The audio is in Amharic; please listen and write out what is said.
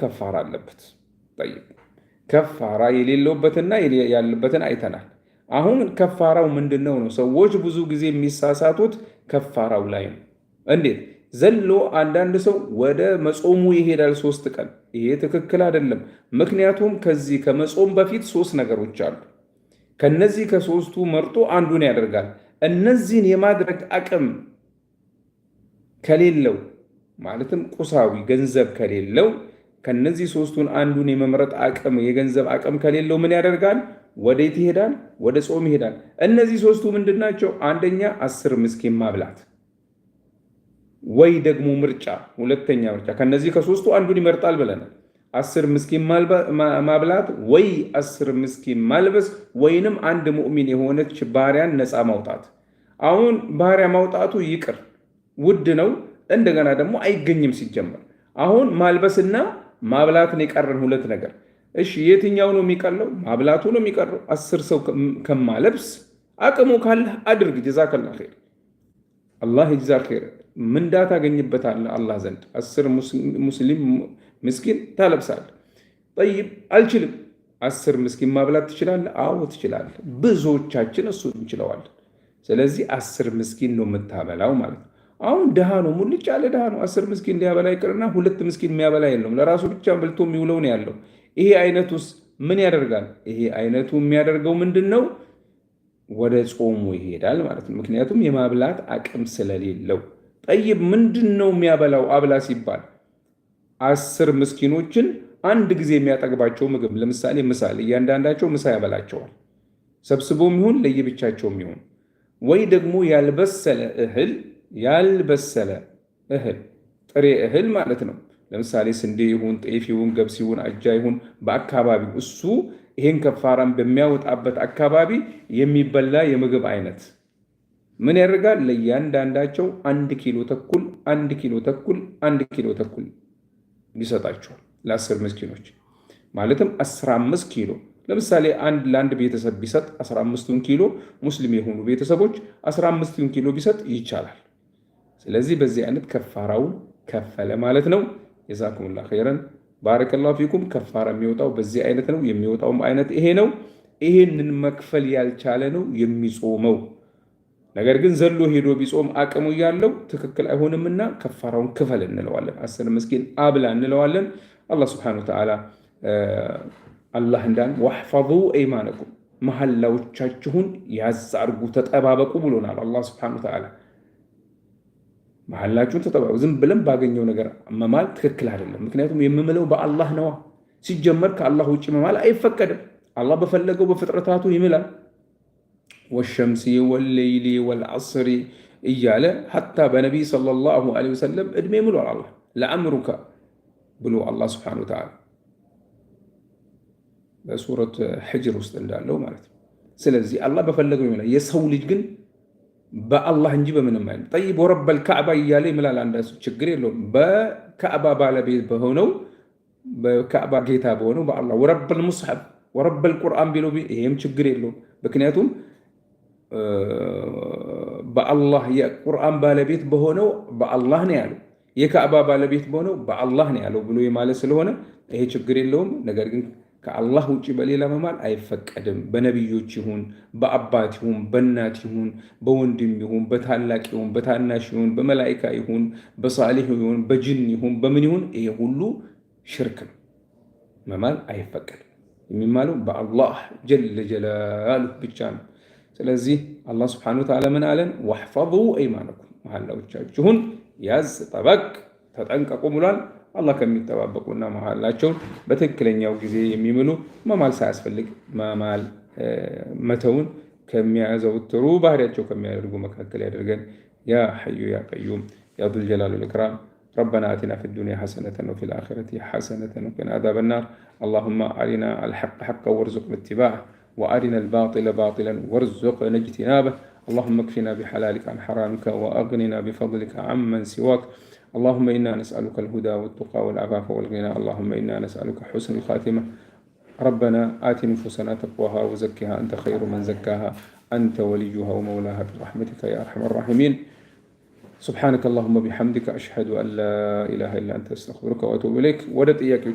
ከፋራ አለበት። ከፋራ የሌለውበትና ያለበትን አይተናል። አሁን ከፋራው ምንድን ነው? ሰዎች ብዙ ጊዜ የሚሳሳቱት ከፋራው ላይ ነው። እንዴት ዘሎ አንዳንድ ሰው ወደ መጾሙ ይሄዳል ሶስት ቀን። ይሄ ትክክል አይደለም። ምክንያቱም ከዚህ ከመጾም በፊት ሶስት ነገሮች አሉ። ከነዚህ ከሶስቱ መርጦ አንዱን ያደርጋል። እነዚህን የማድረግ አቅም ከሌለው ማለትም ቁሳዊ ገንዘብ ከሌለው ከነዚህ ሶስቱን አንዱን የመምረጥ አቅም የገንዘብ አቅም ከሌለው ምን ያደርጋል? ወዴት ይሄዳል? ወደ ጾም ይሄዳል። እነዚህ ሶስቱ ምንድን ናቸው? አንደኛ አስር ምስኪን ማብላት ወይ ደግሞ ምርጫ፣ ሁለተኛ ምርጫ። ከነዚህ ከሶስቱ አንዱን ይመርጣል ብለናል። አስር ምስኪን ማብላት ወይ አስር ምስኪን ማልበስ ወይንም አንድ ሙእሚን የሆነች ባሪያን ነፃ ማውጣት። አሁን ባሪያ ማውጣቱ ይቅር ውድ ነው፣ እንደገና ደግሞ አይገኝም ሲጀመር አሁን ማልበስና ማብላትን የቀረን ሁለት ነገር። እሺ የትኛው ነው የሚቀለው? ማብላቱ ነው የሚቀረው። አስር ሰው ከማለብስ አቅሙ ካለህ አድርግ። ጀዛከላ ር አላህ የጀዛ ር ምንዳ ታገኝበታለህ አላህ ዘንድ። አስር ሙስሊም ምስኪን ታለብሳለህ። ጠይብ አልችልም። አስር ምስኪን ማብላት ትችላለህ? አዎ ትችላለህ። ብዙዎቻችን እሱ እንችለዋለን። ስለዚህ አስር ምስኪን ነው የምታበላው ማለት ነው። አሁን ድሃ ነው፣ ሙልጭ ያለ ድሃ ነው። አስር ምስኪን እንዲያበላ ይቅርና ሁለት ምስኪን የሚያበላ የለውም። ለራሱ ብቻ በልቶ የሚውለው ነው ያለው። ይሄ አይነቱስ ምን ያደርጋል? ይሄ አይነቱ የሚያደርገው ምንድን ነው? ወደ ጾሙ ይሄዳል ማለት ነው። ምክንያቱም የማብላት አቅም ስለሌለው። ጠይብ ምንድን ነው የሚያበላው? አብላ ሲባል አስር ምስኪኖችን አንድ ጊዜ የሚያጠግባቸው ምግብ ለምሳሌ ምሳል፣ እያንዳንዳቸው ምሳ ያበላቸዋል። ሰብስቦም ይሁን ለየብቻቸውም ይሁን ወይ ደግሞ ያልበሰለ እህል ያልበሰለ እህል ጥሬ እህል ማለት ነው። ለምሳሌ ስንዴ ይሁን ጤፍ ይሁን ገብስ ይሁን አጃ ይሁን በአካባቢው እሱ ይሄን ከፋራም በሚያወጣበት አካባቢ የሚበላ የምግብ አይነት ምን ያደርጋል? ለእያንዳንዳቸው አንድ ኪሎ ተኩል አንድ ኪሎ ተኩል አንድ ኪሎ ተኩል ይሰጣቸዋል ለአስር ምስኪኖች ማለትም 15 ኪሎ ለምሳሌ አንድ ለአንድ ቤተሰብ ቢሰጥ 15 ኪሎ ሙስሊም የሆኑ ቤተሰቦች 15 ኪሎ ቢሰጥ ይቻላል። ስለዚህ በዚህ አይነት ከፋራውን ከፈለ ማለት ነው። የዛኩሙላ ኸይረን ባረከላሁ ፊኩም። ከፋራ የሚወጣው በዚህ አይነት ነው። የሚወጣውም አይነት ይሄ ነው። ይሄንን መክፈል ያልቻለ ነው የሚጾመው። ነገር ግን ዘሎ ሄዶ ቢጾም አቅሙ ያለው ትክክል አይሆንምና ከፋራውን ክፈል እንለዋለን። አስር ምስኪን አብላ እንለዋለን። አላህ ስብሐነሁ ወተዓላ አላህ እንዳን ዋሕፈዙ አይማነኩም መሐላዎቻችሁን ያዝ አድርጉ ተጠባበቁ ብሎናል አላህ ስብሐነሁ ወተዓላ መሐላችሁን ተጠባበቁ። ዝም ብለን ባገኘው ነገር መማል ትክክል አይደለም። ምክንያቱም የምምለው በአላህ ነዋ። ሲጀመር ከአላህ ውጭ መማል አይፈቀድም። አላህ በፈለገው በፍጥረታቱ ይምላል። ወሸምሲ ወሌይሊ ወልዐስሪ እያለ ሐታ በነቢይ ሰለላሁ ዐለይሂ ወሰለም እድሜ ምሏል። አላህ ለአምሩከ ብሎ አላህ ስብሐነሁ ወተዓላ በሱረት ሕጅር ውስጥ እንዳለው ማለት ነው። ስለዚህ አላህ በፈለገው ይምላል። የሰው ልጅ ግን በአላህ እንጂ በምንም አይነት ጠይብ ወረበል ካዕባ እያለ ይምላል። አንዳንድ ችግር የለውም። በካዕባ ባለቤት በሆነው በካዕባ ጌታ በሆነው በአላህ ወረበል ሙስሐብ ወረበል ቁርአን ቢለው ይሄም ችግር የለውም። ምክንያቱም በአላህ የቁርአን ባለቤት በሆነው በአላህ ነው ያለው፣ የካዕባ ባለቤት በሆነው በአላህ ነው ያለው ብሎ የማለት ስለሆነ ይሄ ችግር የለውም። ነገር ግን ከአላህ ውጭ በሌላ መማል አይፈቀድም። በነቢዮች ይሁን በአባት ይሁን በእናት ይሁን በወንድም ይሁን በታላቅ ይሁን በታናሽ ይሁን በመላይካ ይሁን በሳሊህ ይሁን በጅን ይሁን በምን ይሁን ይሄ ሁሉ ሽርክ ነው። መማል አይፈቀድም። የሚማለው በአላህ ጀለ ጀላሉ ብቻ ነው። ስለዚህ አላህ ስብሐነሁ ወተዓላ ምን አለን? ወሕፈዙ አይማነኩም መሐላዎቻችሁን ያዝ ጠበቅ ተጠንቀቁ ብሏል። አላህ ከሚጠባበቁና መሀላቸውን በትክክለኛው ጊዜ የሚምሉ መማል ሳያስፈልግ መማል መተውን ከሚያዘውትሩ ባህሪያቸው ከሚያደርጉ መካከል ያደርገን። ያ ሐዩ ያ ቀዩም ያ ዙልጀላል ወልኢክራም ረበና አቲና ፊ ዱንያ ሐሰነተን ወፊ ልአኺረቲ ሐሰነተን ወቂና ዓዛበ ናር አላሁማ አሪና አልሐቅ ሐቀን ወርዙቅና ኢትባዐህ وأرنا الباطل باطلا وارزقنا اجتنابه اللهم اكفنا بحلالك عن حرامك وأغننا بفضلك عمن سواك اللهم إنا نسألك الهدى والتقى والعفاف والغنى اللهم إنا نسألك حسن الخاتمة ربنا آت نفوسنا تقواها وزكها أنت خير من زكاها أنت وليها ومولاها برحمتك يا أرحم الراحمين سبحانك اللهم بحمدك أشهد أن لا إله إلا أنت أستغفرك وأتوب إليك ودت إياك